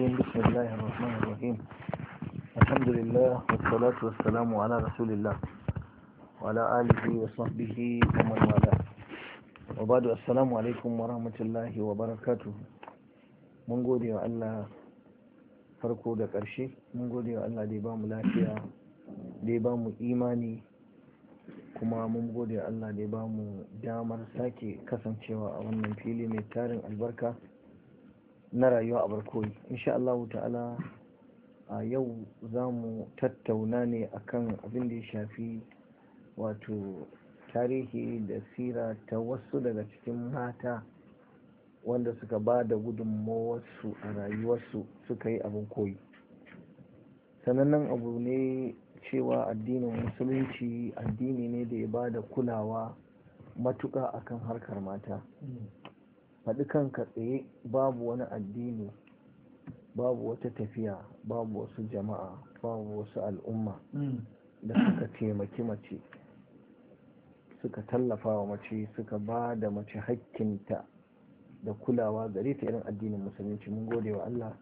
الرجيم بسم الله الرحمن الرحيم الحمد لله والصلاة والسلام على رسول الله وعلى آله وصحبه ومن والاه وبعد السلام عليكم ورحمة الله وبركاته farko da ƙarshe mun wa Allah da ya bamu lafiya da ya bamu imani kuma mun gode da ya bamu damar sake kasancewa a wannan fili mai tarin albarka na rayuwa a barkoyi insha Allah ta'ala a yau za mu tattauna ne akan abin da ya shafi wato tarihi da sira ta wasu daga cikin mata wanda suka ba da gudunmawarsu a rayuwarsu suka yi abin koyi sanannen abu ne cewa addinin musulunci addini ne da ya ba da kulawa matuƙa akan harkar mata faɗi kanka tsaye babu wani addini babu wata tafiya babu wasu jama'a babu wasu al'umma mm. da suka taimaki mace suka tallafa wa mace suka ba da mace hakkinta da kulawa gare ta irin addinin musulunci mun gode wa Allah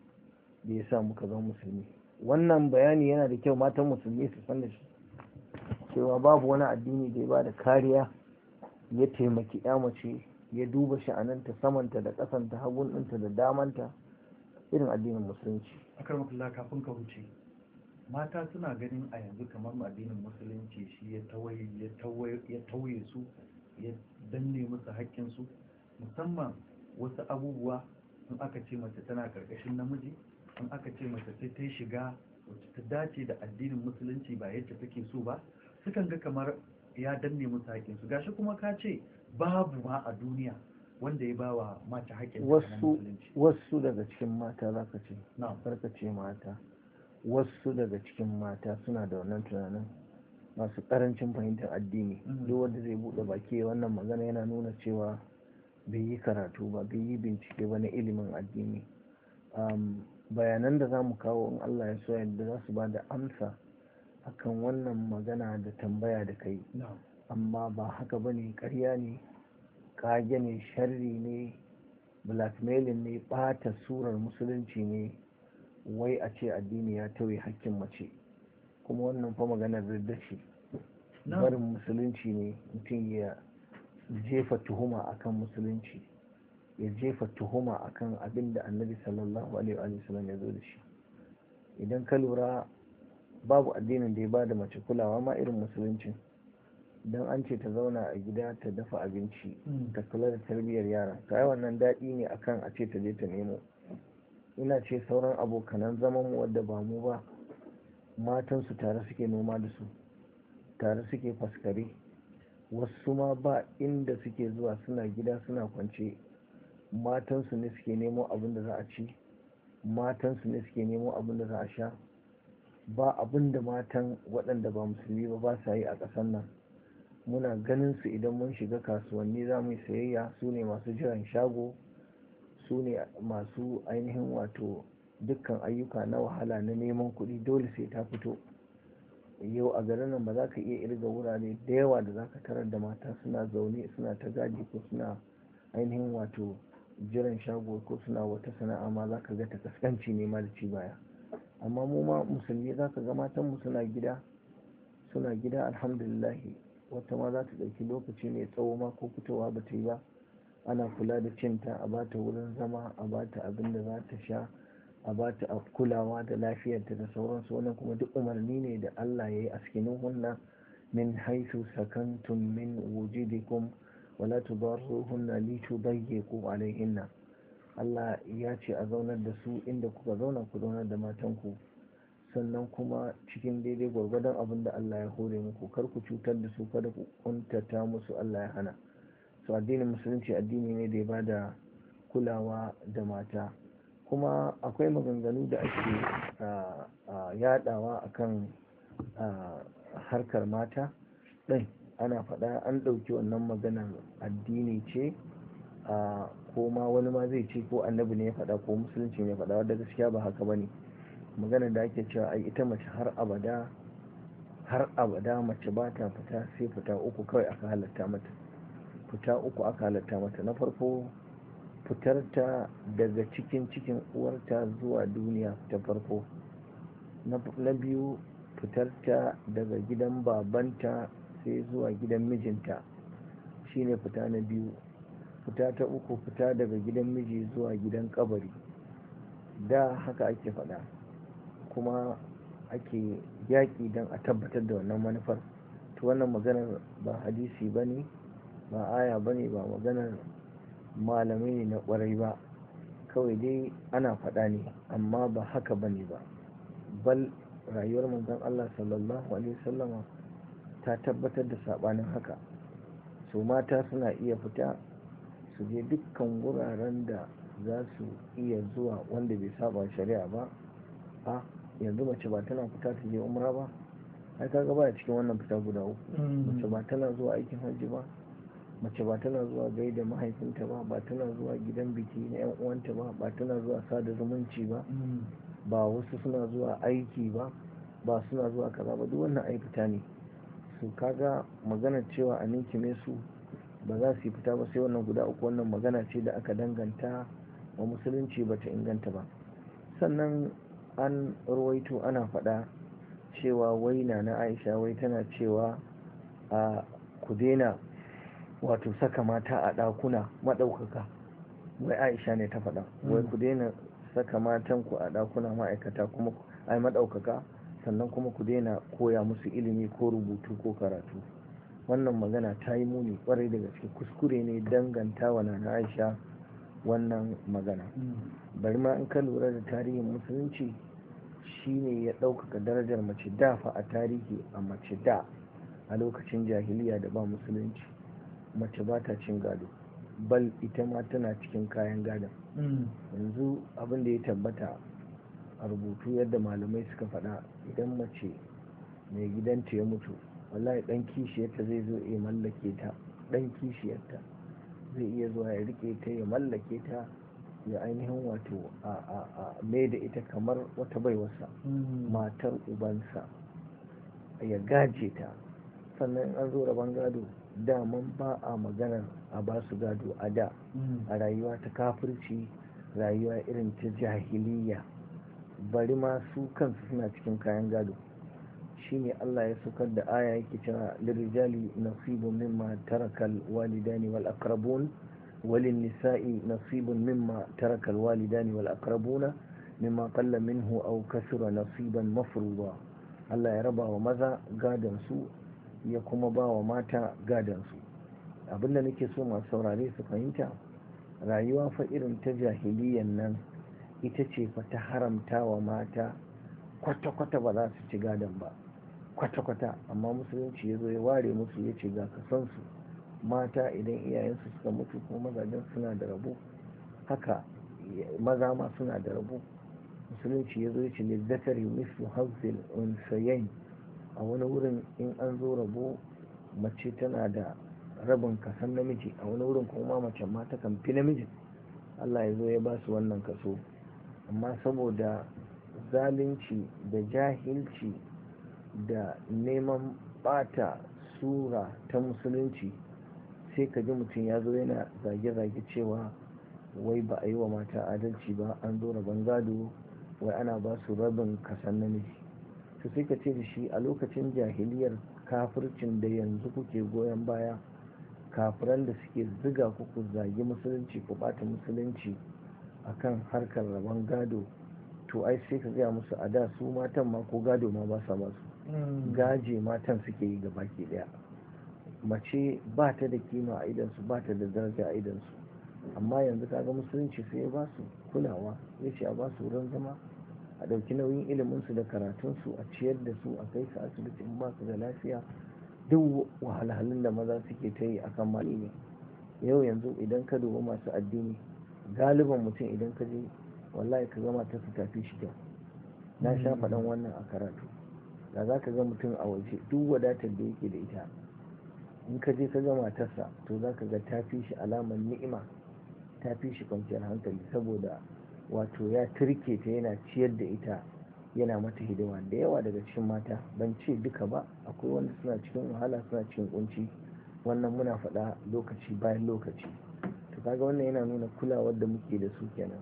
da ya sa muka zama musulmi wannan bayani yana da kyau matan musulmi su san da shi cewa babu wani addini da ya ba da kariya ya taimaki ya mace ya duba sha'ananta samanta da ƙasanta hagun ɗinta da damanta irin addinin musulunci akar makalla kafin ka wuce mata suna ganin a yanzu kamar addinin musulunci shi ya tauye su ya danne musu haƙƙinsu musamman wasu abubuwa in aka ce mace tana ƙarƙashin namiji in aka ce mace sai ta shiga wacce ta dace da addinin musulunci ba yadda take so ba sukan ga kamar ya danne musu haƙƙinsu gashi kuma ka ce babu ma a duniya wanda ya bawa mata haƙƙin wasu wasu daga cikin mata za ka ce karka ce mata wasu daga cikin mata suna da wannan tunanin masu karancin fahimtar addini mm-hmm. duk wanda zai buɗe baki wannan magana yana nuna cewa bai yi karatu ba bai yi bincike ba na ilimin addini bayanan da za mu kawo in Allah ya so yadda za su ba da amsa akan wannan magana da tambaya da kai amma ba haka ba ne ƙarya ne kage ne sharri ne blackmailing ne ɓata surar musulunci ne wai a ce addini ya tauye hakkin mace kuma wannan fa maganar ce barin musulunci ne mutum ya jefa tuhuma akan musulunci ya jefa tuhuma akan abin da annabi sallallahu alaihi wa sallam ya zo da shi idan ka lura babu addinin da ya ba da mace kulawa ma irin musuluncin don an ce ta zauna a gida ta dafa abinci hmm. ta kula da tarbiyyar yara ta yi wannan daɗi ne akan a ce ta je ta nemo ina ce sauran abokanan zaman mu wadda ba mu ba matan su tare suke noma da su tare suke faskare wasu ma ba inda suke zuwa suna gida suna kwance matan su ne suke nemo abin da za a ci matan su ne suke nemo abin da za a sha ba abin da matan waɗanda ba musulmi ba ba sa yi a ƙasar nan muna ganin su idan mun shiga kasuwanni za mu yi sayayya su ne masu jiran shago su ne masu ainihin wato dukkan ayyuka na wahala na neman kuɗi dole sai ta fito yau a garin nan ba za ka iya irga wurare da yawa da za ka tarar da mata suna zaune suna ta gadi ko suna ainihin wato jiran shago ko suna wata sana'a ma za ka ga ta kaskanci ne ma da ci baya amma mu ma musulmi za ka ga matanmu suna gida suna gida alhamdulillahi wata ma za ta ɗauki lokaci mai tsawo ma ko fitowa ba ta yi ba ana kula da cinta a ba ta wurin zama a ta abin da za ta sha a ba ta kulawa da lafiyarta da sauransu wannan kuma duk umarni ne da Allah ya yi a cikin hunna min haitu sakantum min wujidikum wala tudarruhunna li tudayyiqu alaihinna Allah ya ce a zaunar da su inda kuka zauna ku zaunar da matanku sannan kuma cikin daidai gwargwadon abin da Allah ya hore muku kar ku cutar da su kada ku kuntata musu Allah ya hana Su addinin musulunci addini ne da ya bada kulawa da mata kuma akwai maganganu da ake yadawa akan harkar mata ɗin ana faɗa an ɗauki wannan maganar addini ce ko ma wani ma zai ce ko annabi ne ya faɗa ko musulunci ne ya faɗa wadda gaskiya ba haka ba ne magana da ake cewa ai ita mace har abada har abada mace ba ta fita sai fita uku kawai aka halatta mata fita uku aka halatta mata na farko fitarta daga cikin cikin uwarta zuwa duniya ta farko na biyu fitarta daga gidan babanta sai zuwa gidan mijinta shine fita na biyu fita ta uku fita daga gidan miji zuwa gidan kabari da haka ake faɗa kuma ake yaƙi don a tabbatar da wannan manufar to wannan maganar ba hadisi ba ne ba aya ba ne ba maganar malamai ne na ƙwarai ba kawai dai ana faɗa ne amma ba haka ba ne ba bal rayuwar manzon Allah sallallahu alaihi wasallama ta tabbatar da saɓanin haka su mata suna iya fita su je dukkan wuraren da za su iya zuwa wanda bai saba shari'a ba yanzu mace ba tana fita ta je umra ba ai kaga baya cikin wannan fita guda uku mm. mace ba tana zuwa aikin hajji ba mace ba tana zuwa gaida mahaifinta ba ba tana zuwa gidan biki na yan uwanta ba ba tana zuwa sada zumunci ba mm. ba wasu suna zuwa aiki ba ba suna zuwa kaza ba duk wannan ai fita ne su kaga magana cewa a ninkime su ba za su yi fita ba sai wannan guda uku wannan magana ce da aka danganta wa musulunci ba ta inganta ba sannan an ruwaito ana faɗa cewa wai na aisha wai tana cewa a ku daina wato saka mata a ɗakuna maɗaukaka wai aisha ne ta faɗa hmm. wai ku daina saka matan ku a ɗakuna ma'aikata kuma ai maɗaukaka sannan kuma ku daina koya musu ilimi ko rubutu ko karatu wannan magana ta yi muni kwarai da gaske kuskure ne danganta wa na aisha wannan magana hmm. bari ma in ka lura da tarihin musulunci shi ne ya ɗaukaka darajar mace dafa a tarihi a mace da a lokacin jahiliya da ba musulunci mace ba ta cin gado bal ita ma tana cikin kayan gadon mm. yanzu abin da ya tabbata a rubutu yadda malamai suka faɗa idan mace mai gidanta ya mutu wallahi ɗan kishiyarta zai zo ya mallake ta ɗan kishiyarta zai iya zuwa ya rike ta ya mallake ta ya ainihin wato a mai da ita kamar wata baiwarsa mm. matar ubansa ya gaje ta sannan an zo rabon gado daman ba a maganar a ba su gado a da mm. a rayuwa ta kafirci rayuwa irin ta jahiliya bari ma su kansu suna cikin kayan gado Shi ne Allah ya sukar da aya yake cewa lirijali nasibun mimma tarakal walidani wal aqrabun وللنساء نصيب مما ترك الوالدان والأقربون مما قل منه أو كثر نصيبا مفروضا Allah ya raba wa maza su ya kuma ba wa mata gadansu abinda nake so masu saurare su fahimta rayuwa fa irin ta jahiliyan nan ita ce fa ta haramta wa mata kwata-kwata ba za su ci gadon ba kwata-kwata amma musulunci ya zo ya ware musu ya ce ga su. mata idan iyayensu suka mutu ko mazajen suna da rabo haka maza ma suna da rabo musulunci ya zo ya ce ne zakari misu hazil unsayen a wani wurin in an zo rabo mace tana da rabin kasan namiji a wani wurin kuma mace mata ta kan fi namijin Allah ya zo ya ba su wannan kaso amma saboda zalunci da jahilci da neman bata sura ta musulunci sai ka ji mutum ya zo yana zage-zage cewa wai ba a yi wa mata adalci ba an zo rabon gado wai ana ba su rabin kasan namiji to sai ka ce da shi a lokacin jahiliyar kafircin da yanzu kuke goyon baya kafiran da suke ziga kuku ku zagi musulunci ku bata musulunci akan harkar rabon gado to ai sai ka gaya musu a da su matan ma ko gado ma ba sa ba su hmm. gaje matan suke yi gaba ke daya mace ba ta da kima a idansu ba ta da daraja a idansu amma yanzu kaga musulunci sai ya ba su kulawa ya ce a ba su wurin zama a ɗauki nauyin iliminsu da karatunsu a ciyar da su a kai su asibiti in ba su da lafiya duk wahalhalun da maza suke ta yi a kan mali yau yanzu idan ka duba masu addini galiban mutum idan ka je wallahi ka gama ta su tafi shi kyau na sha hmm. faɗan wannan a karatu da za ka ga mutum a waje duk wadatar da yake da ita in ka je ka ga matarsa to za ka ga ta fi shi alamar ni'ima ta fi shi kwanciyar hankali saboda wato ya turke ta yana ciyar da ita yana mata hidima da yawa daga cikin mata ban ce duka ba akwai wanda suna cikin wahala suna cikin kunci wannan muna faɗa lokaci bayan lokaci to kaga wannan yana nuna kulawar da muke da su kenan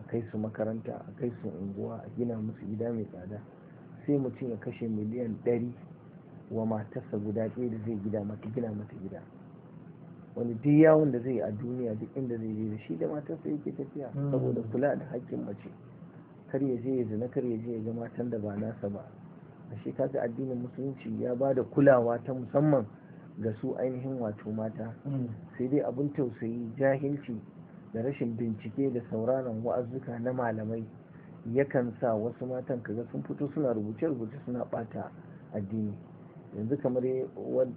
a kai su makaranta a kai su unguwa a gina musu gida mai tsada sai mutum ya kashe miliyan ɗari wa matarsa guda ɗaya da zai gida mata gina mata gida wani duk yawon da zai a duniya duk inda zai je da shi da matarsa yake tafiya hmm. saboda kula da haƙƙin mace kar ya je ya zina kar ya je ya ga matan da ba nasa ba a shi kaga addinin musulunci ya ba da kulawa ta musamman ga su ainihin wato mata hmm. sai dai abin tausayi jahilci da rashin bincike da sauraron wa'azuka na malamai yakan sa wasu matan kaga sun fito suna rubuce-rubuce suna bata addini yanzu kamar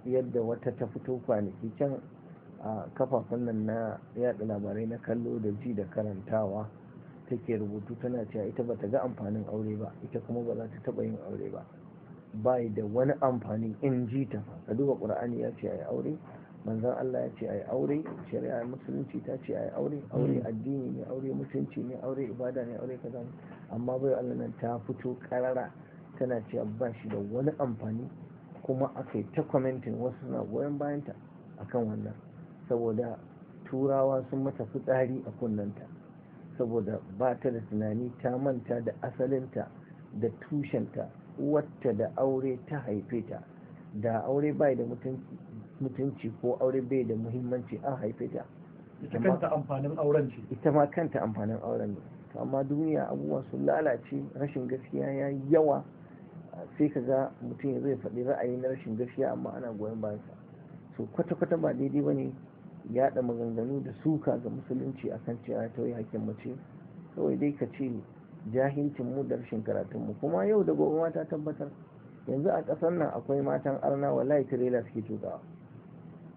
yadda wata ta fito kwanaki can a kafafen nan na yada labarai na kallo da ji da karantawa take rubutu tana cewa ita ba ta ga amfanin aure ba ita kuma ba za ta taba yin aure ba ba da wani amfani in ji ta ka duba qur'ani ya ce yi aure manzon Allah ya ce yi aure shari'a musulunci ta ce yi aure aure hmm. addini ne aure mutunci ne aure ibada ne aure kaza amma bai Allah nan ta fito karara tana cewa ba shi da wani amfani kuma aka yi ta kwamentin wasu suna goyon bayanta akan wannan saboda turawa sun mata fitsari a kunnanta saboda ba ta da tunani ta manta da asalinta da tushenta wata da aure ta haife ta da aure bai da mutunci ko aure bai da muhimmanci an haife ta ita kanta amfanin auren ce ma kanta amfanin auren ne amma duniya abubuwa sun lalace rashin gaskiya ya yawa sai ka ga mutum ya zai faɗi ra'ayi na rashin gaskiya amma ana goyon bayansa so kwata-kwata ba daidai ba ne yaɗa maganganu da suka ga musulunci akan cewa ta yi hakkin mace kawai dai ka ce jahilcin mu da rashin karatun mu kuma yau da gobe mata tabbatar yanzu a ƙasar nan akwai matan arna wallahi tirela suke tukawa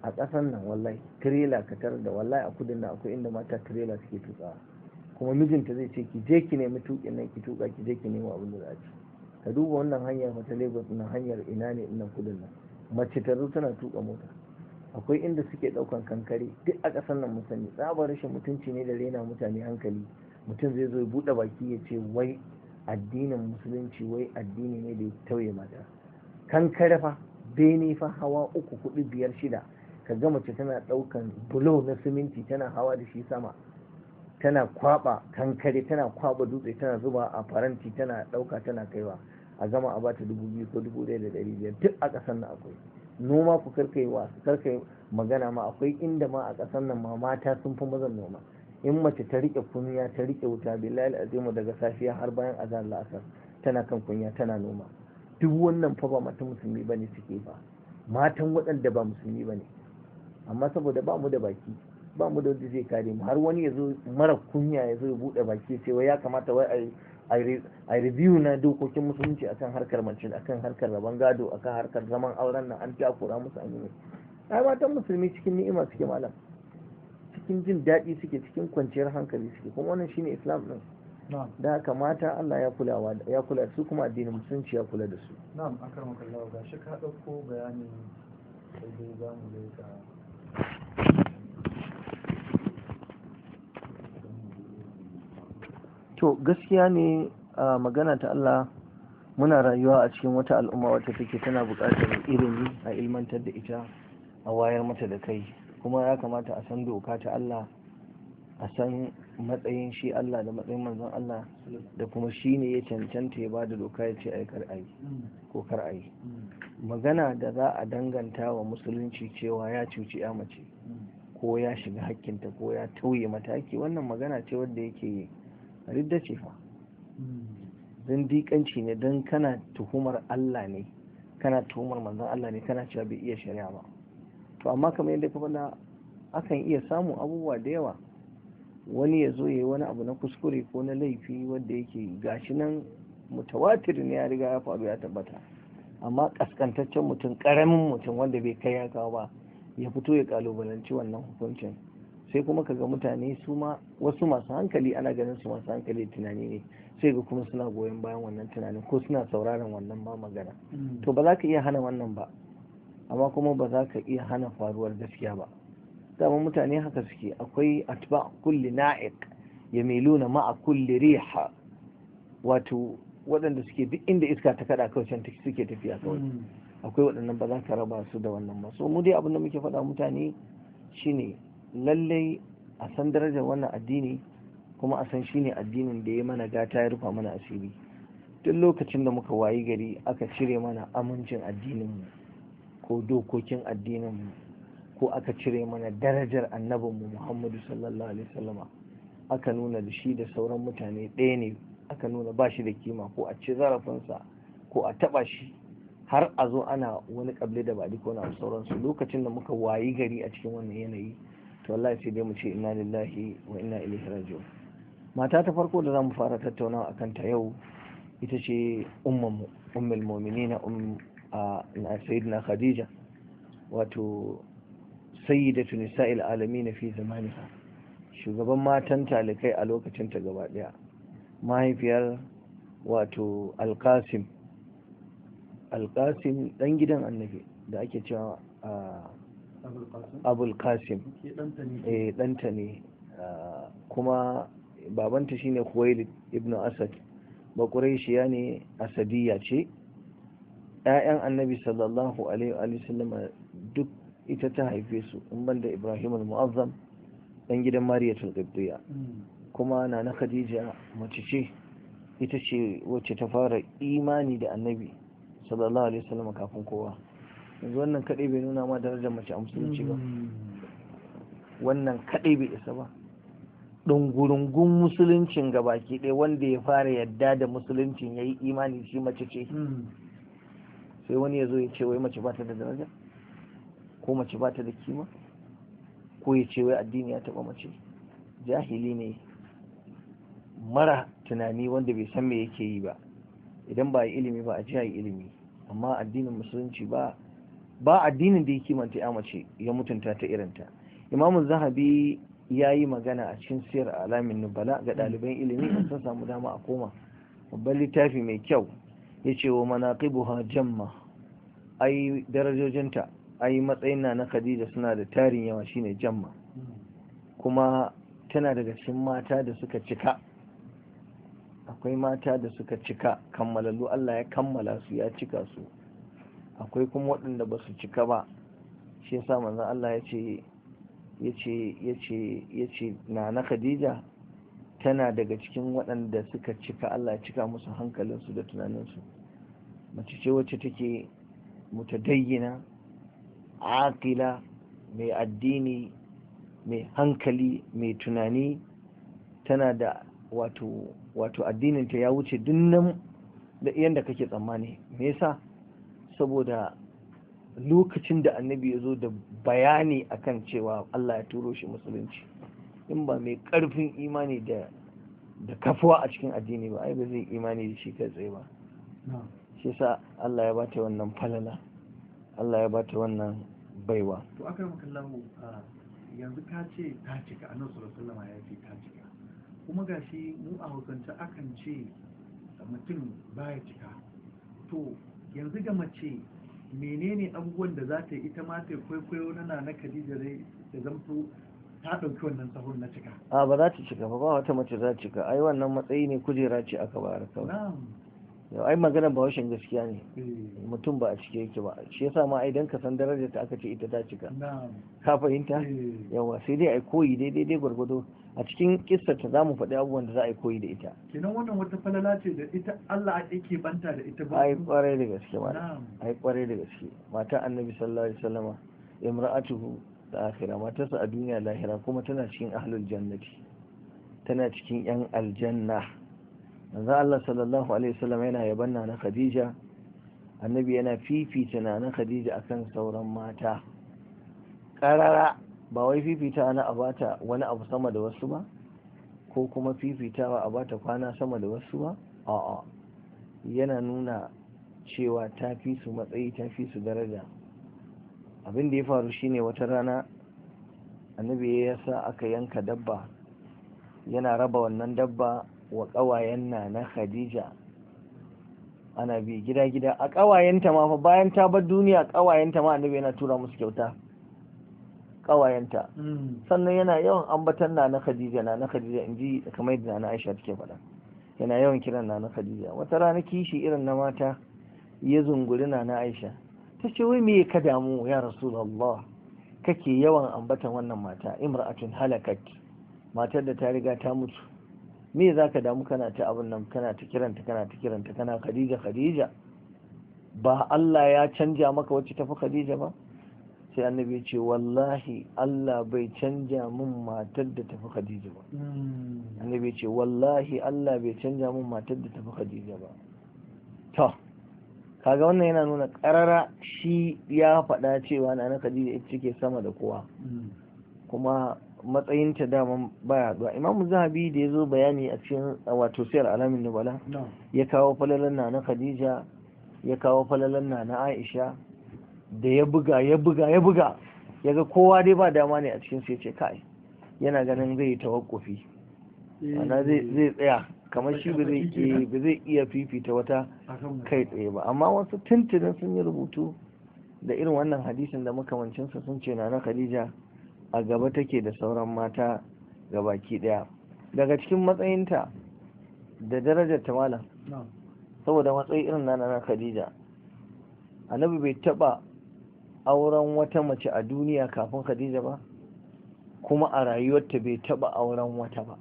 a ƙasar nan wallahi tirela ka da wallahi a kudin nan akwai inda mata tirela suke tukawa kuma mijinta zai ce ki je ki nemi tuƙin nan ki tuƙa ki je ki nemi abin da za a ci ka duba wannan hanyar mata lagos na hanyar ina ne ina kudin nan mace ta tana tuka mota akwai inda suke daukan kankare duk a kasar nan mun tsabar rashin mutunci ne da rena mutane hankali mutum zai zo ya bude baki ya ce wai addinin musulunci wai addini ne da ya tauye mata kankare fa bene fa hawa uku kudi biyar shida ka ga mace tana daukan bulo na siminti tana hawa da shi sama tana kwaba kankare tana kwaba dutse tana zuba a faranti tana dauka tana kaiwa a gama a bata dubu biyu ko dubu ɗaya da ɗari biyar duk a ƙasar nan akwai noma ku karkai wa karkai magana ma akwai inda ma a ƙasar nan ma mata sun fi mazan noma in mace ta riƙe kunya ta riƙe wuta billahi azimu daga safiya har bayan azan la'asar tana kan kunya tana noma duk wannan fa ba mata musulmi bane suke ba matan waɗanda ba musulmi bane amma saboda ba mu da baki ba mu da wanda zai kare mu har wani ya zo mara kunya ya zo ya buɗe baki sai wai ya kamata wai a review na dokokin musulunci akan harkar mace akan harkar rabon gado akan harkar zaman auren nan an kura musu an yi ai matan musulmi cikin ni'ima suke malam cikin jin daɗi suke cikin kwanciyar hankali suke kuma wannan shine islam din da haka mata Allah ya kulawa ya kula su kuma addinin musulunci ya kula da su na'am ga shi ka dauko bayanin sai dai zamu leka to gaskiya ne a magana ta Allah muna rayuwa a cikin wata al'umma wata take tana buƙatar ilimi a ilmantar da ita a wayar mata da kai kuma ya kamata a san doka ta Allah a san matsayin shi Allah da matsayin manzon Allah da kuma shi ne ya cancanta ya ba da doka ya ce aikar ayi ko kar yi magana da za a danganta wa musulunci cewa ya cuci ya mace ko ya shiga hakkinta ko ya tauye mataki wannan magana ce wadda yake ridda ce fa dikanci ne don kana tuhumar Allah ne kana tuhumar manzon Allah ne kana cewa bai iya shari'a ba to amma kamar yadda ka faɗa akan iya samun abubuwa da yawa wani ya zo ya yi wani abu na kuskure ko na laifi wanda yake gashi nan mutawatir ne ya riga ya faru ya tabbata amma kaskantaccen mutum karamin mutum wanda bai kai ya kawo ba ya fito ya kalubalanci wannan hukuncin sai kuma kaga mutane su ma wasu masu hankali ana ganin su masu hankali tunani ne sai ga kuma suna goyon bayan wannan tunanin ko suna sauraron wannan ba magana mm. to ba za ka iya hana wannan ba amma kuma ba za ka iya hana faruwar gaskiya ba dama mutane haka suke akwai atba kulli na'iq yamiluna ma'a kulli riha wato waɗanda suke duk inda iska ta kada kawai can suke tafiya kawai mm. akwai waɗannan ba za ka raba su da wannan ba so mu dai abin da muke faɗa mutane shine lallai a san darajar wannan addini kuma a san shine addinin da ya mana gata ya rufa mana asiri duk lokacin da muka wayi gari aka cire mana amincin addininmu ko dokokin addininmu ko aka cire mana darajar annabinmu muhammadu sallallahu alaihi wasallama aka nuna da shi da sauran mutane ɗaya ne aka nuna ba shi da kima ko a ci zarafinsa ko a taɓa shi har a zo ana wani ƙable da ba ko na sauransu lokacin da muka wayi gari a cikin wannan yanayi to Allah sai dai mu ce inna lillahi wa inna ilaihi raji'un mata ta farko da zamu fara tattaunawa akan ta yau ita ce ummu ummul mu'minina um sayyidina khadija wato sayyidatu nisa'il alamin fi zamaniha shugaban matan talikai a lokacin ta gaba daya mahaifiyar wato alkasim alkasim dan gidan annabi da ake cewa abul kasim ɗanta ne eh, ah, kuma babanta shine khuwailid ibn asad bakuraishiya ne asadiya ce ‘ya'yan annabi sallallahu alaihi sallama duk ita ta haife su in banda ibrahim al-mu'azzam ɗan gidan mariya tulgabdiya mm. kuma na na khadija mace ce ita ce wacce ta fara imani da annabi sallallahu alaihi sallama kafin kowa yanzu wannan kadai bai nuna ma darajar mace a musulunci ba hmm. wannan kadai bai isa ba ɗungurungun musuluncin baki ɗaya wanda ya fara yadda da musuluncin ya yi imani shi mace ce hmm. sai wani ya zo ya ce wai mace ba ta da daraja ko mace ba ta da kima ko ya ce wai addini ya taɓa mace jahili ne mara tunani wanda bai san me yake yi ba idan ba ilimi ba a ji ilimi amma addinin musulunci ba ba addinin da ya kimanta ya mace ya mutunta ta irinta imamun zahabi ya yi magana a cikin siyar alamin nubala ga ɗaliban ilimi a mm. sun samu dama a koma babban littafi mai kyau ya ce wa ha jamma ai darajojinta ai matsayin na khadija suna da tarin yawa shine jamma kuma tana daga cikin mata da suka cika akwai mata da suka cika kammalallu Allah ya kammala su ya cika su akwai kuma waɗanda ba su cika ba shi yasa manzon Allah ya ce ya ce na na khadija tana daga cikin waɗanda suka cika Allah ya cika musu hankalinsu da tunaninsu mace ce wacce take mutadayyina aƙila mai addini mai hankali mai tunani tana da wato wato addininta ya wuce dunnan da yanda kake tsammani me yasa saboda lokacin da annabi ya zo da bayani akan cewa Allah ya turo shi musulunci in ba mai ƙarfin imani da kafuwa a cikin addini ba ai ba zai imani da shi kai tsaye ba shi sa Allah ya bata wannan falala Allah ya bata wannan baiwa to aka yi makallahu yanzu ka ce ta cika a nan sallallahu alaihi ya ce ta cika kuma gashi mu a hukunta akan ce mutum baya cika to yanzu ga mace menene abubuwan da za ta yi ita ma ta kwaikwayo na na Khadija dai da zamto ta ɗauki wannan sahun na cika a ba za ta cika ba ba wata mace za ta cika ai wannan matsayi ne kujera ce aka bayar kawai yau ai maganar washin gaskiya ne hmm. mutum ba a cike yake ba shi yasa ma ai dan ka san darajar ta aka ce ita ta cika ka fahimta hmm. yawa sai dai ai koyi daidai dai gwargwado a cikin kissar ta zamu faɗi abubuwan da za a yi koyi da ita kenan wannan wata falala ce da ita Allah yake banta da ita ba ai kwarai da gaske ma ai kwarai da gaske mata annabi sallallahu alaihi wasallama imra'atuhu da akhira matarsa a duniya lahira kuma tana cikin ahlul jannati tana cikin yan aljanna Yanzu Allah sallallahu alaihi wasallam yana yaban na Khadija annabi yana fifita na Khadija akan sauran mata karara ba wai fifita na a bata wani abu sama da wasu ba ko kuma fifitawa a bata kwana sama da wasu ba a'a yana nuna cewa ta fi su matsayi ta fi su daraja abin da ya faru shine wata rana annabi ya sa aka yanka dabba yana raba wannan dabba wa ƙawayen na na khadija ana bi gida-gida a ƙawayenta ma bayan ta bar duniya ƙawayenta ma annabi yana tura musu kyauta ƙawayenta hmm. sannan yana yawan ambatan na na khadija na na khadija in kamar yadda na aisha take faɗa yana yawan kiran na na khadija wata rana kishi irin na mata ya zunguri na na aisha ta ce wai me ka damu ya rasulullah kake yawan ambatan wannan mata imra'atun halakat matar da ta riga ta mutu me za ka damu kana ta abin nan kana ta kiranta kana ta kiranta kana khadija khadija ba Allah ya canja maka wacce tafi khadija ba sai annabi ya ce wallahi Allah bai canja min matar da tafi khadija ba hmm. annabi ya ce wallahi Allah bai canja min matar da tafi khadija ba to kaga wannan yana nuna karara shi ya faɗa cewa na khadija ita ke sama da kowa hmm. kuma matsayin ta dama baya zuwa imamu zahabi da ya zo bayani a cikin wato siyar alamin nubala ya kawo falalan na na khadija ya kawo falalan na na aisha da ya buga ya buga ya buga ya ga kowa dai ba dama ne a cikin sai ce kai yana ganin zai tawakkufi eh. ana zai tsaya kamar shi ba zai iya fifita wata kai tsaye ba amma wasu tuntunin sun yi rubutu da irin wannan hadisin da makamancinsa sun ce na na khadija a gaba take da sauran mata ga baki daya daga cikin matsayinta da darajar ta malam saboda matsayi irin na na khadija annabi bai taba auren wata mace a duniya kafin khadija ba kuma a rayuwarta bai taba auren wata ba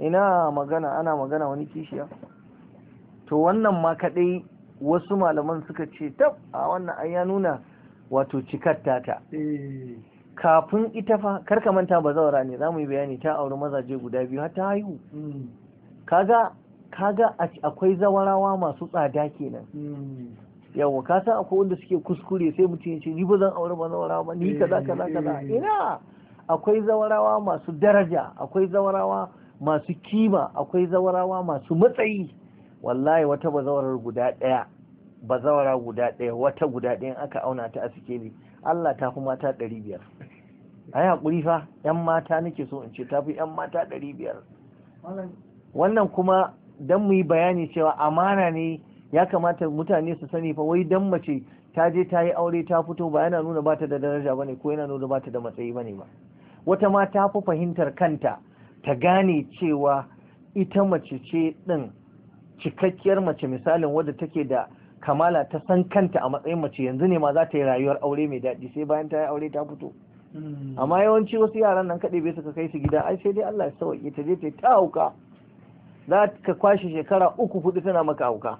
ina magana ana magana wani kishiya to wannan ma kadai wasu malaman suka ce tab a wannan ya nuna wato cikar tata eh. kafin ita fa karka manta ba zaura ne mu yi bayani ta auri mazaje guda biyu har ta haihu hmm. kaga kaga akwai zawarawa masu tsada kenan hmm. yawa ka san akwai wanda suke kuskure sai mutum ya ce ni ba zan aure ba zawarawa ba ni eh, kaza kaza eh. kaza ina akwai zawarawa masu daraja akwai zawarawa masu kima akwai zawarawa masu matsayi wallahi wata bazawarar guda ɗaya bazawara guda ɗaya wata guda ɗaya aka auna ta a sikeli Allah ta fi mata ɗari biyar a yi haƙuri fa ‘yan mata nake so in ce ta fi ‘yan mata ɗari biyar wannan kuma don mu yi bayani cewa amana ne ya kamata mutane su sani fa wai don mace ta je ta yi aure ta fito ba yana nuna ba ta da daraja ba ne, ko yana nuna ba ta da matsayi bane ba wata ma ta fi fahimtar kanta ta gane cewa ita mace ce ɗin cikakkiyar mace misalin wadda take da kamala ta san kanta a matsayin mace yanzu ne ma za ta yi rayuwar aure mai daɗi sai bayan ta yi aure ta fito hmm. amma yawanci wasu yaran nan kaɗai bai suka kai su gida ai sai dai Allah ya sauke ta je ta ta hauka za ka kwashe shekara uku hudu tana maka hauka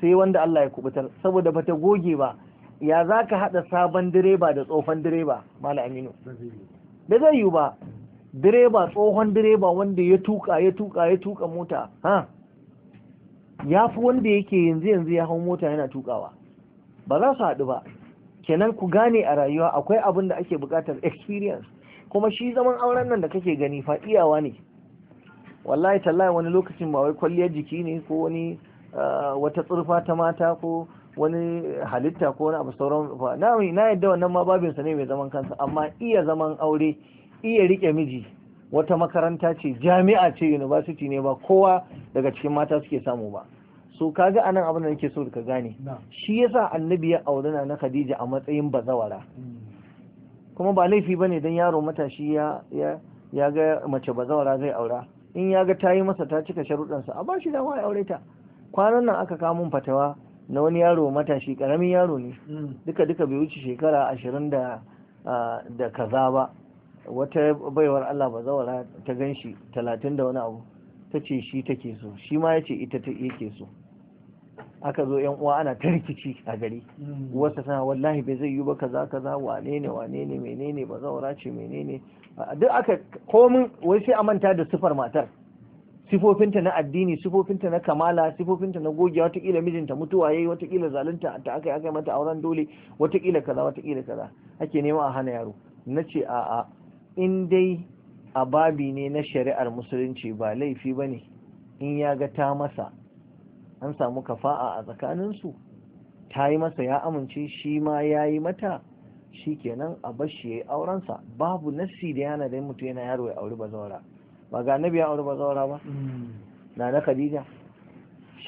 sai wanda Allah ya kubutar saboda bata goge ba ya za ka haɗa sabon direba da tsohon direba mala aminu da zai yi ba direba tsohon direba wanda ya tuka ya tuka ya tuka mota ha ya fi wanda yake yanzu yanzu ya hau mota yana tukawa ba za su haɗu ba kenan ku gane a rayuwa akwai abin da ake buƙatar experience kuma shi zaman auren nan da kake gani fa iyawa ne wallahi tallahi wani lokacin ba wai kwalliyar jiki ne ko wani ah, wata tsurfa ta mata ko wani halitta ko wani abu sauran na yadda wannan ma babinsa ne mai zaman kansa amma iya zaman aure iya rike miji wata makaranta ce jami'a ce university ne ba kowa daga cikin mata suke samu ba so ga anan abin da nake so ka gane shi yasa annabi ya aurana na Khadija a matsayin bazawara mm. kuma ba laifi bane dan yaro matashi ya ya ga mace bazawara zai aura in ya ga tayi masa ta cika sharuɗan sa a ba shi dama ya aure ta kwanan nan aka kawo mun fatawa na wani yaro matashi karamin yaro ne mm. duka duka bai wuce shekara ashirin da ah, da kaza ba wata baiwar Allah ba zawara ta gan shi talatin da wani abu ta ce shi take so shi ma ya ce ita ta yake so aka zo yan uwa ana ta rikici a gari mm. wata sana wallahi bai zai yi ba kaza kaza wane ne wane ne ne ba zawara ce menene duk aka komin wai sai amanta da sifar matar sifofinta na addini sifofinta na kamala sifofinta na gogewa watakila mijinta mutuwa ya yi watakila zalunta ta aka aka mata auren dole watakila kaza watakila kaza ake nema a hana yaro na ce a'a in dai a babi ne na shari'ar musulunci ba laifi ba ne in ya ga ta masa an samu kafa'a a tsakaninsu ta yi masa ya amince shi ma ya yi mata shi kenan a bashi ya yi aurensa babu nassi da yana dai mutu yana yaro ya auri bazawara ba ga nabi ya auri bazawara ba na na khadija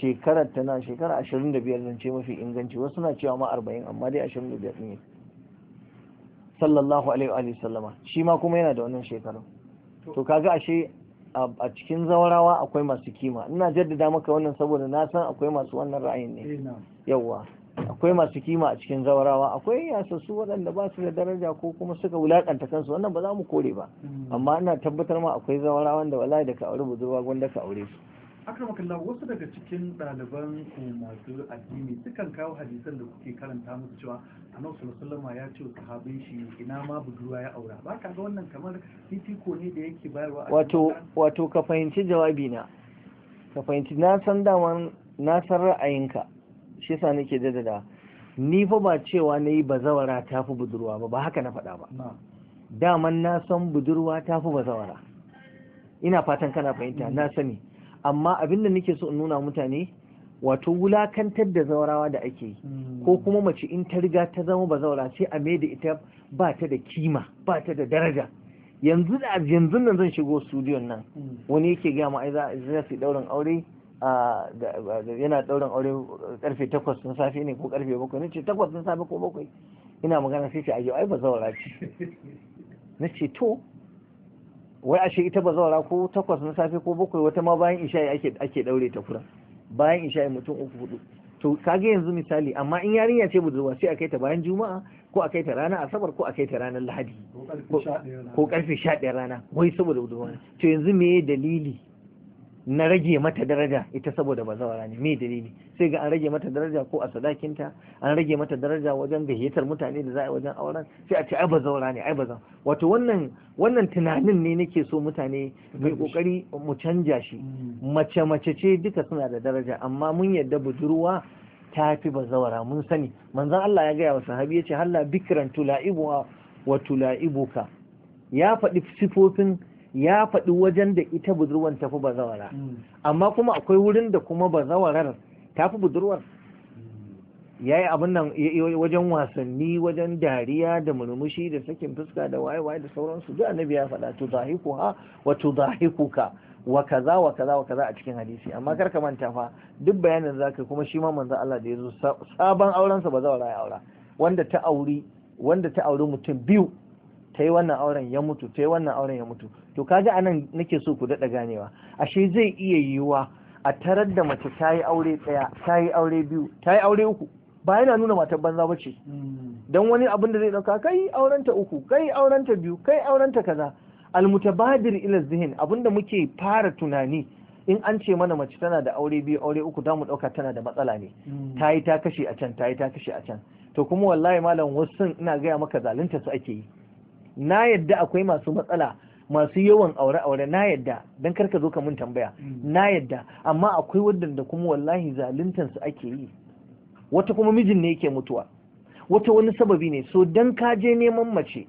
shekarar tana shekara 25 nan ce mafi inganci wasu na cewa ma 40 amma dai 25 ne sallallahu alaihi wa sallama shi ma kuma yana da wannan shekaru to kaga ashe a cikin zawarawa akwai masu kima ina jaddada maka wannan saboda na san akwai masu wannan ra'ayin ne eh, yawwa akwai masu kima a cikin zawarawa akwai yasassu waɗanda ba su da daraja ko kuma suka wulakanta kansu wannan ba za mu kore ba hmm. amma ina tabbatar ma akwai zawarawan da wallahi da ka aure budurwa gwanda ka aure su haka makalla wasu daga cikin ɗaliban ku masu addini sukan kawo hadisan da kuke karanta musu cewa annabi sallallahu alaihi ya ce sahabin shi ina ma budurwa ya aura ba ka ga wannan kamar fifiko ne da yake bayarwa wato wato ka fahimci jawabi na ka fahimci na san daman na san ra'ayinka shi yasa nake jaddada ni fa ba cewa nayi bazawara ta fi budurwa ba ba haka na faɗa ba daman na san budurwa ta fi bazawara ina fatan kana fahimta na sani amma abin da nake so in nuna mutane wato wulakantar da zaurawa da ake yi hmm. ko kuma mace in ta riga ta zama ba zaura sai a mai da ita ba ta da kima ba ta da daraja yanzu da yanzu nan zan shigo studio nan hmm. wani yake gaya ma ai za su daurin aure yana daurin aure karfe takwas na safe ne ko karfe bakwai ne ce takwas na safe ko bakwai ina magana sai ce ayo ai ba zaura ce na ce to wai ashe ita ba zaura ko takwas na safe ko bakwai wata ma bayan isha'i ake ake daure ta fura bayan ya mutum uku hudu to kage yanzu misali amma in yarinya ce budurwa sai a kai ta bayan juma'a ko a kai ta ranar asabar ko a kai ta ranar lahadi ko karfe 11 rana wai saboda budurwa to yanzu me dalili na rage mata daraja ita saboda ba zawara ne me dalili sai ga an rage mata daraja ko a sadakinta an rage mata daraja wajen gayyatar mutane da za a wajen auren sai a ce ai ba zawara ne ai ba zawara wato wannan wannan tunanin ne nake so mutane mai kokari mu canja shi mace mace ce duka suna da daraja amma mun yadda budurwa ta fi ba zawara mun sani manzon Allah ya gaya wa sahabi ya ce halla bikran tula'ibu wa tula'ibuka ya faɗi sifofin ya faɗi wajen da ita budurwar tafi bazawara hmm. amma kuma akwai wurin da kuma bazawarar tafi budurwar hmm. ya yi abin nan wajen wasanni wajen dariya da murmushi da sakin fuska da waye-waye da sauransu duk annabi ya faɗa tu zahiku ha wa tu zahiku ka wa kaza wa kaza wa kaza a cikin hadisi amma kar ka manta fa duk bayanin zaka kuma shi ma manzo Allah da yazo sabon auren sa ba ya aura wanda ta auri wanda ta auri mutum biyu ta yi wannan auren ya mutu ta yi wannan auren ya mutu to kaga anan nake so ku daɗa ganewa ashe zai iya yiwuwa a tarar da mace ta yi aure ɗaya ta yi aure biyu ta yi aure uku ba yana nuna matar banza ba ce don wani abin da zai ɗauka kai aurenta uku kai aurenta biyu kai aurenta kaza almutabadir ila zihin abinda muke fara tunani in an ce mana mace tana da aure biyu aure uku za mu ɗauka tana da matsala ne hmm. ta yi ta kashe a can ta yi ta kashe a can to kuma wallahi malam wasu ina gaya maka zalunta su ake yi na yadda akwai masu matsala masu yawan aure-aure na yadda don karka zo ka mun tambaya mm. na yadda amma akwai wadanda kuma wallahi zaluntan su ake yi wata kuma mijin ne yake mutuwa wata wani sababi ne so dan ka je neman mace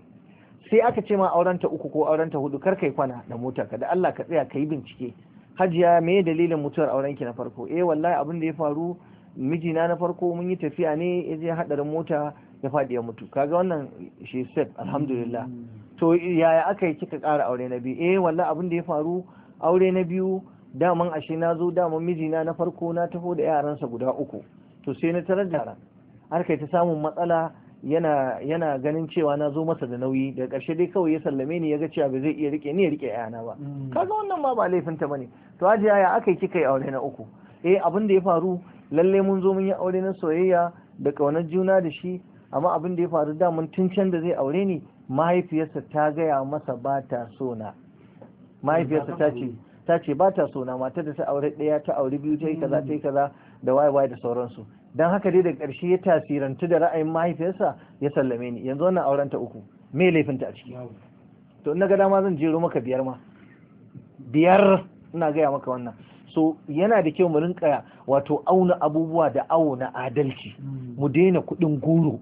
sai aka ce ma aurenta uku ko aurenta hudu kar kai kwana da mota ka da Allah ka tsaya ka yi bincike hajiya me dalilin mutuwar auren ki na farko eh wallahi abin da ya faru mijina na farko mun yi tafiya ne ya je hadarin mota ya faɗi ya mutu kaga wannan shi alhamdulillah mm. to yaya aka yi kika ƙara aure na biyu eh wallahi abin da ya faru aure na biyu daman ashe na zo daman mijina na farko na taho da yaransa guda uku to sai na tarar da har kai ta samun matsala yana yana ganin cewa na zo masa da nauyi da karshe dai kawai ya sallame ni ya ga cewa ba zai iya rike ni ya rike yana ba mm. kaga wannan ma ba laifin ta bane to aje yaya aka yi kika yi aure na uku eh abin da ya faru lalle mun zo mun yi aure na soyayya da ƙaunar juna da shi amma abin da ya faru da mun tun can da zai aure ni mahaifiyarsa ta gaya masa ba ta sona mahaifiyarsa ta ce ta ce ba ta sona matar da ta aure ɗaya ta aure biyu ta yi kaza ta yi hmm. kaza da waye waye da sauransu dan haka dai da karshe ya tasirantu da ra'ayin mahaifiyarsa ya sallame ni yanzu wannan auren ta uku me laifinta a ciki to in ga dama zan jero maka biyar ma biyar ina gaya maka wannan so yana da kyau mu rinka wato auna abubuwa da awo adalci hmm. mu daina kuɗin goro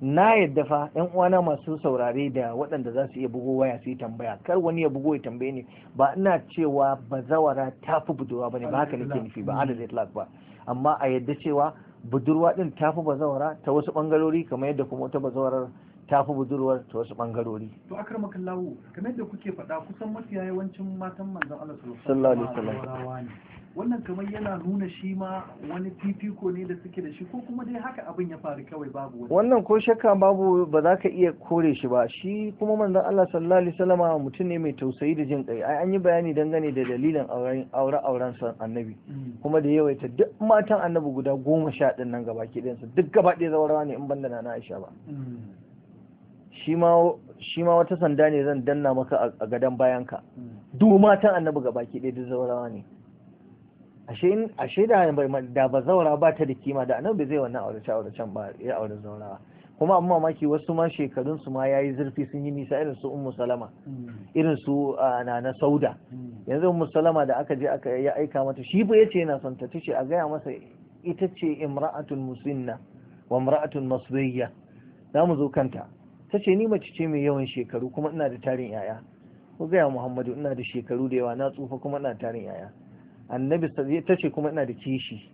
na yadda fa yan uwana masu saurare da waɗanda za su iya bugo waya su yi tambaya kar wani ya bugo ya tambaye ni ba ina cewa bazawara ta fi budurwa ba ne ba haka nake nufi ba mm. alal itlaq ba amma a yadda cewa budurwa din ta fi bazawara ta wasu ɓangarori kamar yadda kuma wata bazawarar ta fi budurwar ta wasu ɓangarori. to a akar makallawo kamar yadda kuke faɗa kusan mafiya yawancin matan manzon Allah sallallahu alaihi wasallam wannan kamar yana nuna shi ma wani fifiko ne da suke da shi ko kuma dai haka abin ya faru kawai babu wani wannan ko shakka babu ba za ka iya kore shi ba shi kuma manzon Allah sallallahu alaihi wasallama mutum ne mai tausayi da jin kai ai an yi bayani dangane da dalilin auren aure auren san annabi mm. kuma da yawaita duk matan annabi guda goma sha din nan gaba ke su duk gaba ɗaya zaurawa ne in banda na Aisha ba mm. shi ma shi ma wata sanda ne zan danna maka a gadon bayanka mm. duk matan annabi gaba ke ɗaya duk zaurawa ne ashe ashe da da ba zaura ba ta da kima da annabi zai wannan aurace auracen ba ya aure zaura kuma amma mamaki wasu ma shekarun su ma yayi zurfi sun yi nisa irin su ummu salama hmm. irin su na sauda hmm. yanzu ummu salama da aka je aka ya aika mata shi ba yace yana son ta tace a gaya masa ita ce imra'atun musinna wa imra'atun masriya za mu zo kanta tace ni mace ce mai yawan shekaru kuma ina da tarin yaya ku gaya muhammadu ina da shekaru da yawa na tsufa kuma ina tarin yaya annabi ta ce kuma ina da kishi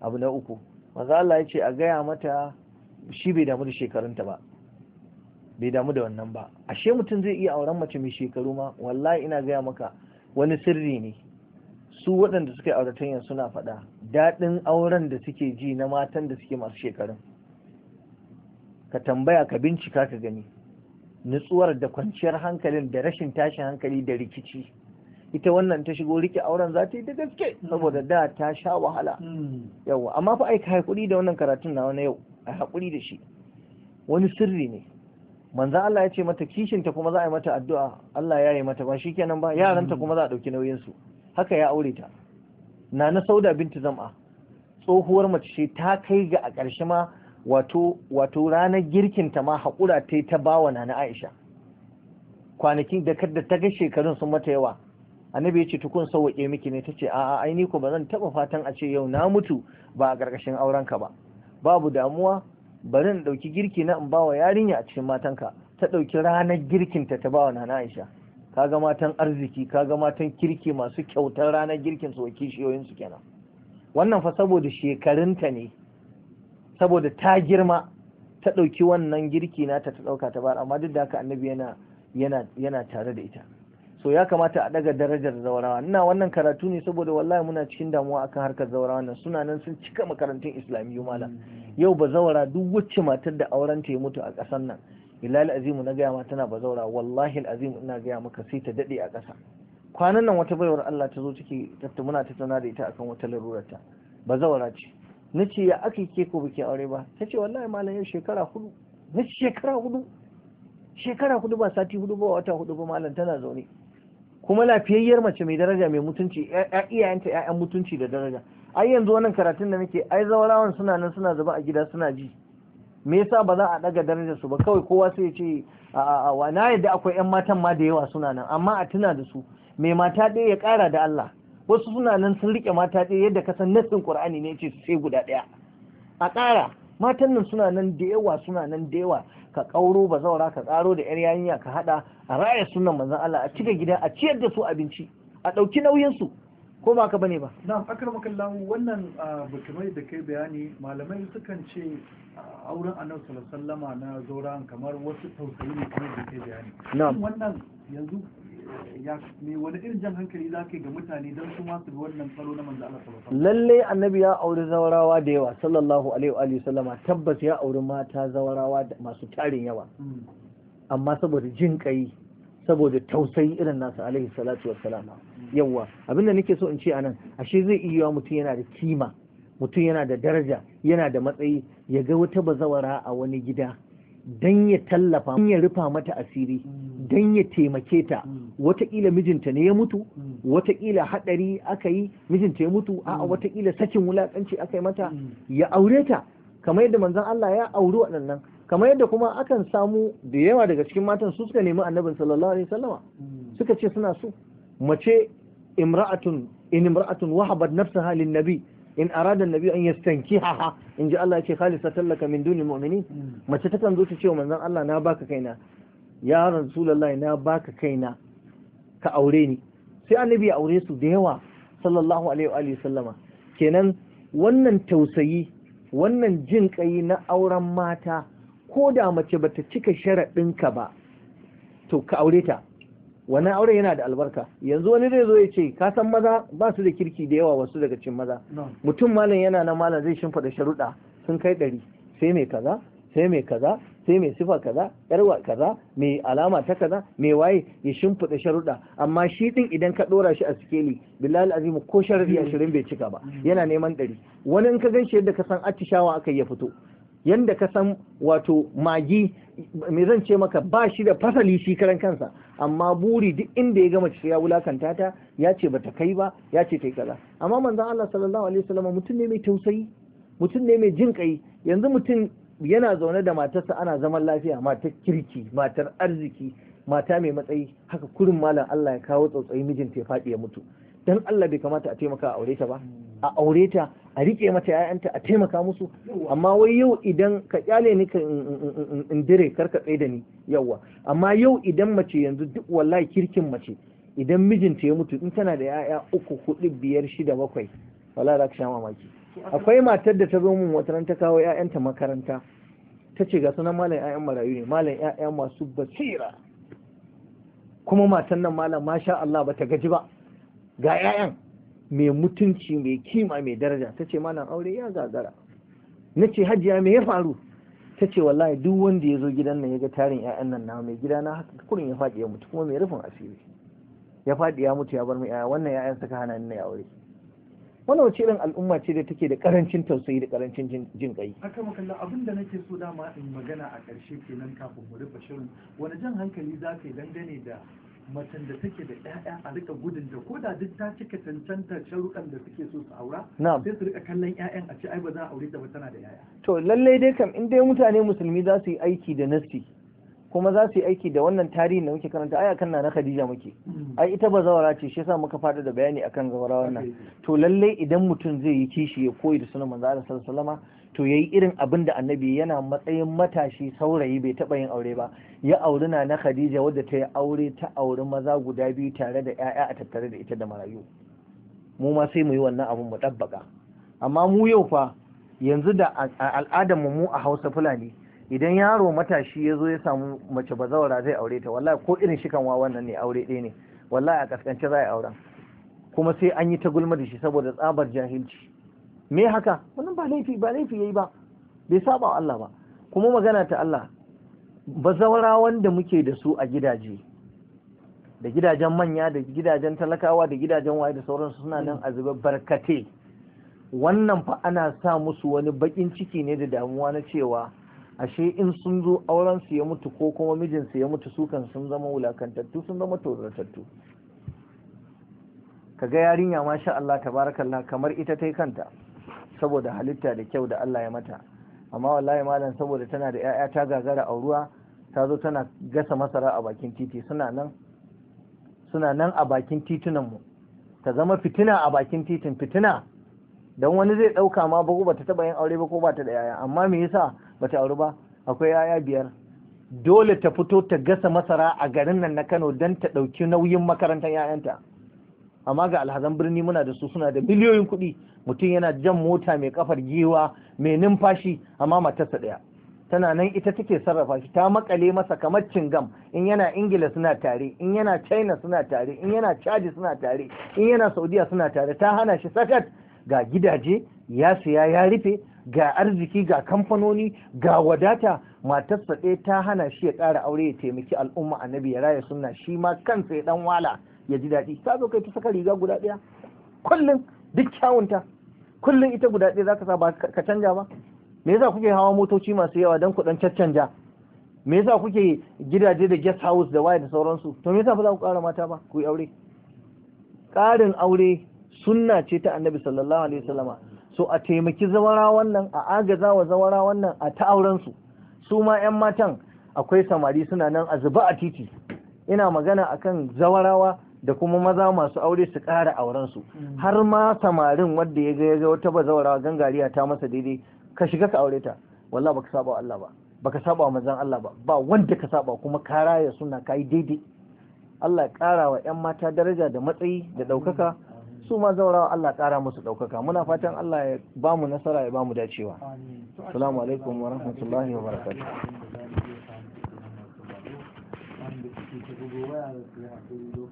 abu na uku maza Allah ya ce a gaya mata shi bai damu da shekarunta ba bai damu da wannan ba ashe mutum zai iya auren mace mai shekaru ma wallahi ina gaya maka wani sirri ne su waɗanda suka yi auratayya suna faɗa daɗin auren da suke ji na matan da suke masu shekarun ka tambaya ka bincika ka gani nutsuwar da kwanciyar hankalin da rashin tashin hankali da rikici ita wannan ta shigo rike auren za ta yi da gaske hmm. saboda da ta sha wahala hmm. yawa amma fa aika haƙuri da wannan karatun na wani yau a haƙuri da shi wani sirri ne manzan Allah ya ce mata kishinta kuma za a yi mata addu'a Allah ya yi mata ba shi kenan ba yaranta hmm. kuma za a ɗauki nauyin su haka ya aure ta na na sauda binti zam'a tsohuwar mace ce ta kai ga a ƙarshe ma wato wato ranar ta ma haƙura ta yi ta bawa na na Aisha kwanaki da kadda ta ga shekarun sun mata yawa annabi ya ce tukun sauwaƙe miki ne ta ce a'a ai ni ko ba zan taɓa fatan a ce yau na mutu ba a ƙarƙashin aurenka ba babu damuwa bari in ɗauki girki na in ba wa yarinya a cikin matanka ta ɗauki ranar girkinta ta ba wa nana aisha kaga matan arziki kaga matan kirki masu kyautar ranar girkin su kishiyoyin su kenan wannan fa saboda shekarunta ne saboda ta girma ta ɗauki wannan girki na ta ta ɗauka ta bar amma duk da haka annabi yana yana tare da ita so ya kamata a daga darajar zaurawa ina wannan karatu ne saboda wallahi muna cikin damuwa akan harkar zaurawa nan suna nan sun cika makarantun islamiyyu malam mm. yau ba zaura duk wacce matar da auren ta ya mutu a ƙasar nan bilal azimu na gaya ma tana ba zaura wallahi azimu ina gaya maka sai ta dade a ƙasa kwanan nan wata baiwar Allah ta zo take muna ta tana da ita akan wata larurar ta ba zaura ce nace ya aka ke ko ke aure ba tace wallahi malam yau shekara hudu nace shekara hudu shekara hudu ba sati hudu ba wata hudu ba malam tana zaune kuma lafiyayyar mace mai daraja mai mutunci iyayenta ƴaƴan mutunci da daraja ai yanzu wannan karatun da nake ai zawarawan suna nan suna zuba a gida suna ji me yasa ba za a daga darajar su ba kawai kowa sai ya ce a wa na yadda akwai 'yan matan ma da yawa suna nan amma a tuna da su mai mata ɗaya ya ƙara da Allah wasu suna nan sun rike mata ɗaya yadda ka san nassin Qur'ani ne ce sai guda ɗaya a ƙara matan nan suna nan da yawa suna nan da yawa ka ƙauro ba zaura ka tsaro da yar yarinya ka haɗa a raya sunan manzon Allah a cika gida a ciyar da su abinci a ɗauki nauyin su ko ba ka bane ba na'am akar makallahu wannan bukumai da kai bayani malamai sukan ce auren annabi sallallahu alaihi wasallama na zauran kamar wasu tausayi ne kamar da kai bayani na'am wannan yanzu me hankali za ka ga mutane don su wannan tsaro na manzo lalle annabi ya auri zawarawa da yawa sallallahu alaihi wa sallama tabbas ya auri mata zawarawa masu tarin yawa hmm. amma saboda jin kai saboda tausayi irin nasu alaihi salatu wassalam hmm. yawa abinda nake so in ce anan ashe zai iya mutum yana da kima mutum yana da daraja yana da matsayi ya ga wata bazawara a wani gida don ya tallafa ya rufa mata asiri don ya taimake ta watakila mijinta ne ya mutu watakila hadari aka yi mijinta ya mutu a watakila sakin wulakanci aka yi mata ya aure ta kamar yadda manzon Allah ya auri waɗannan kamar yadda kuma akan samu da yawa daga cikin matan su suka nemi annabin sallallahu alaihi wasallama suka ce suna so mace imra'atun in imra'atun wahabat nafsaha lin nabi in arada annabi an yastankiha in ji Allah ya ce khalisatan laka min dunil mu'minin hmm. mace takan zo ta ce wa manzon Allah na baka kaina ya rasulullahi na baka kaina ka aure ni sai annabi ya aure su da yawa sallallahu alaihi wa sallama kenan wannan tausayi wannan jin kai na auren mata ko da mace bata cika sharaɗinka ba to ka aure ta wannan aure yana da albarka yanzu wani zai zo ya ce ka san maza ba su da kirki da yawa wasu daga cikin maza mutum malam yana na malam zai shimfida sharuɗa sun kai ɗari sai mai kaza sai mai kaza sai mai sifa kaza yarwa kaza mai alama ta kaza mai waye ya shimfiɗa sharuɗa amma shi ɗin idan ka ɗora shi a sikeli bilal azim ko sharadi ashirin bai cika ba mm. yana neman ɗari wani in ka gan shi yadda ka san attishawa aka ya fito yanda ka san wato magi me zan ce maka ba shi da fasali shi karan kansa amma buri duk inda ya gama ya wulakanta ta ya ce ba ta kai ba ya ce ta yi kaza amma manzon Allah sallallahu alaihi wasallam mutum ne mai tausayi mutum ne mai jin kai yanzu mutum yana zaune da matarsa ana zaman lafiya matar kirki matar arziki mata mai matsayi haka kurin malam Allah ya kawo tsautsayi mijinta ya faɗi ya mutu dan Allah bai kamata a taimaka a aure ta ba a aure ta a rike mata yayanta a taimaka musu amma wai yau idan ka kyale ni ka in dire kar ka da ni yawa amma yau idan mace yanzu duk wallahi kirkin mace idan mijinta ya mutu in tana da yaya uku hudu biyar shida bakwai wala za ka sha mamaki akwai matar da ta zo min wata ta kawo yayanta makaranta ta ce ga sunan malam yayan marayu ne malam yaya masu basira kuma matan nan malam masha Allah ba ta gaji ba ga yayan mai mutunci mai kima mai daraja ta ce mana aure ya gagara na ce hajiya me ya faru ta ce wallahi duk wanda ya zo gidan nan ya ga tarin 'ya'yan nan na mai gida na haka kurin ya faɗi ya mutu kuma mai rufin asiri ya faɗi ya mutu ya bar mai 'ya'ya wannan 'ya'yan suka hana ni na aure wannan wace irin al'umma ce da take da karancin tausayi da karancin jin kai haka makalla abin da nake so dama in magana a ƙarshe kenan kafin mu rufe shirin wani jan hankali za ka yi dangane da macen da take da ƴaƴa a rika gudun ta ko da duk ta cika cancanta sharuɗan da suke so su aura sai su rika kallon ƴaƴan a ce ai ba za a aure ta ba tana da ƴaƴa to lallai dai kam in dai mutane musulmi za su yi aiki da nasi kuma za su yi aiki da wannan tarihin da muke karanta ai akan na Khadija muke mm. ai ita ba zawara ce shi yasa muka fada da bayani akan zawara wannan to lallai idan mutum zai yi kishi ya koyi da sunan manzo Allah sallallahu alaihi wasallama to yayi irin abin da annabi yana matsayin matashi saurayi bai taba yin aure ba ya auri na na khadija wadda ta yi aure ta auri maza guda biyu tare da 'ya'ya a tattare da ita da marayu mu ma sai mu yi wannan abin mu ɗabbaka amma mu yau fa yanzu da al'adar mu a hausa fulani idan yaro matashi yazo ya samu mace bazawara zai aure ta wallahi ko irin shi wa wannan ne aure ɗaya ne wallahi a kaskance za a auren kuma sai an yi ta gulma da shi saboda tsabar jahilci me haka wannan ba laifi ba laifi yayi ba bai saba Allah ba kuma magana ta Allah bazawara wanda muke da su a gidaje da gidajen manya da gidajen talakawa da gidajen waye da sauransu suna nan a zuba barkate wannan fa ana sa musu wani bakin ciki ne da damuwa na cewa ashe in sun zo auren su ya mutu ko kuma mijinsu ya mutu sukan sun zama wulakantattu sun zama tozartattu kaga yarinya masha Allah tabarakallah kamar ita tai kanta saboda halitta da kyau da Allah ya mata amma wallahi malam saboda tana da 'ya'ya ta gagara a ruwa ta zo tana gasa masara a bakin titi suna nan suna nan a bakin titunan mu ta zama fitina a bakin titin fitina dan wani zai ɗauka ma ba ba ta taba yin aure ba ko ba ta da 'ya'ya amma me yasa ba ta aure ba akwai 'ya'ya biyar dole ta fito ta gasa masara a garin nan na Kano dan ta dauki nauyin makarantar 'ya'yanta amma ga alhazan birni muna da su suna da miliyoyin kuɗi mutum yana jan mota mai kafar giwa mai numfashi amma matarsa ɗaya tana nan ita take sarrafa shi ta makale masa kamar cingam in yana ingila suna tare in yana china suna tare in yana chadi suna tare in yana saudiya suna tare ta hana shi sakat ga gidaje ya siya ya rufe ga arziki ga kamfanoni ga wadata matarsa ɗaya ta hana shi ya ƙara aure ya taimaki al'umma annabi ya raya sunna shi ma kansa ya dan wala ya ji daɗi ta zo kai ta saka riga guda ɗaya kullum duk kyawunta kullum ita guda ɗaya zaka sa ba ka canja ba me yasa kuke hawa motoci masu yawa don ku dan caccanja me yasa kuke gidaje da guest house da waya da sauransu to me yasa ba za ku ƙara mata ba ku yi aure ƙarin aure sunna ce ta annabi sallallahu alaihi wasallama so a taimaki zawara wannan a agaza wa zawara wannan a ta auren su su ma yan matan akwai samari suna nan a zuba a titi ina magana akan zawarawa da kuma maza masu aure su ƙara aurensu mm. har ma samarin wanda ya ga ya ga wata bazawara gangariya ta masa daidai ka shiga ka aure ta wallahi baka saba wa Allah ba baka saba wa manzon Allah ba ba wanda ka saba kuma ka raya suna kai daidai Allah ya ƙara wa ƴan mata daraja da matsayi da ɗaukaka su ma zaurawa Allah ƙara musu ɗaukaka muna fatan Allah ya ba mu nasara ya ba mu dacewa assalamu alaikum wa rahmatullahi wa barakatuh